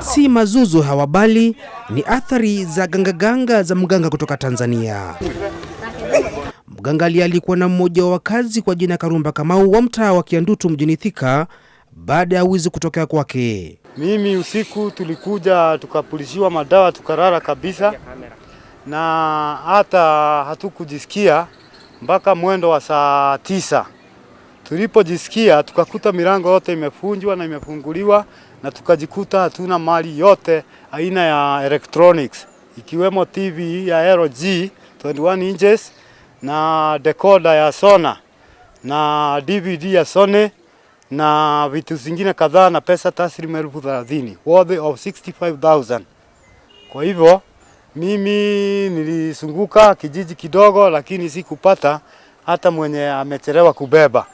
si mazuzu hawa, bali ni athari za gangaganga za mganga kutoka Tanzania. Mganga aliye alikuwa na mmoja wa wakazi kwa jina Karumba Kamau wa mtaa wa Kiandutu mjini Thika baada ya wizi kutokea kwake. Mimi usiku tulikuja tukapulishiwa madawa tukarara kabisa, na hata hatukujisikia mpaka mwendo wa saa tisa. Tulipojisikia tukakuta milango yote imefunjwa na imefunguliwa na tukajikuta hatuna mali yote aina ya electronics ikiwemo TV ya LG 21 inches na decoder ya Sona na DVD ya Sony na vitu zingine kadhaa na pesa taslimu elfu thelathini worth of 65000. Kwa hivyo mimi nilisunguka kijiji kidogo, lakini sikupata hata mwenye amechelewa kubeba.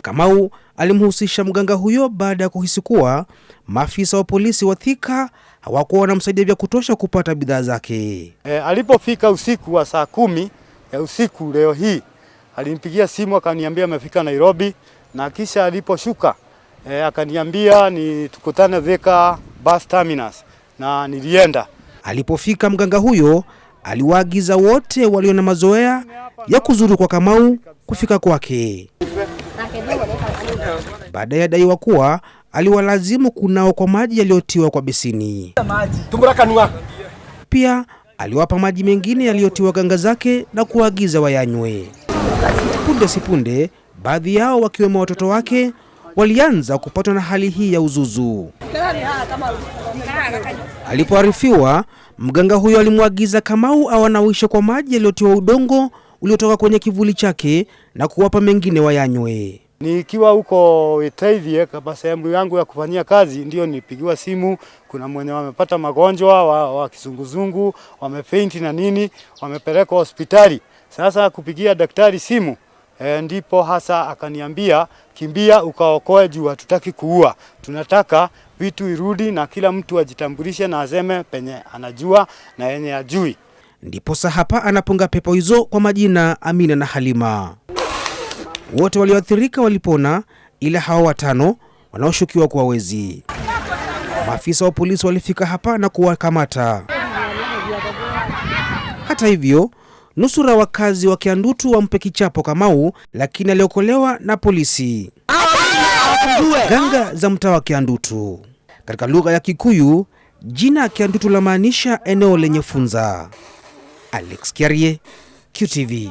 Kamau alimhusisha mganga huyo baada ya kuhisi kuwa maafisa wa polisi wa Thika hawakuwa wanamsaidia vya kutosha kupata bidhaa zake. E, alipofika usiku wa saa kumi ya usiku leo hii alinipigia simu akaniambia amefika Nairobi, na kisha aliposhuka e, akaniambia ni tukutane Thika bus terminus, na nilienda. Alipofika mganga huyo aliwaagiza wote walio na mazoea ya kuzuru kwa Kamau kufika kwake baada ya daiwa kuwa aliwalazimu kunao kwa maji yaliyotiwa kwa besini. Pia aliwapa maji mengine yaliyotiwa ganga zake na kuwaagiza wayanywe. Punde sipunde, baadhi yao wakiwemo watoto wake walianza kupatwa na hali hii ya uzuzu. Alipoarifiwa, mganga huyo alimwagiza Kamau awanawishe kwa maji yaliyotiwa udongo uliotoka kwenye kivuli chake na kuwapa mengine wayanywe. Nikiwa huko Itaivie kama sehemu yangu ya kufanyia kazi, ndio nilipigiwa simu, kuna mwenye wamepata magonjwa wa, wa kizunguzungu wamepeinti na nini, wamepelekwa hospitali. Sasa kupigia daktari simu e, ndipo hasa akaniambia kimbia ukaokoe, juu hatutaki kuua, tunataka vitu irudi na kila mtu ajitambulishe na aseme penye anajua na yenye ajui. Ndiposa hapa anapunga pepo hizo kwa majina Amina na Halima. Wote walioathirika walipona, ila hawa watano wanaoshukiwa kuwa wezi. Maafisa wa polisi walifika hapa na kuwakamata. Hata hivyo, nusura wakazi wa Kiandutu wampe kichapo Kamau, lakini aliokolewa na polisi. Ganga za mtaa wa Kiandutu katika lugha ya Kikuyu, jina kiandutu Kiandutu lamaanisha eneo lenye funza. Alex Kiarie, QTV.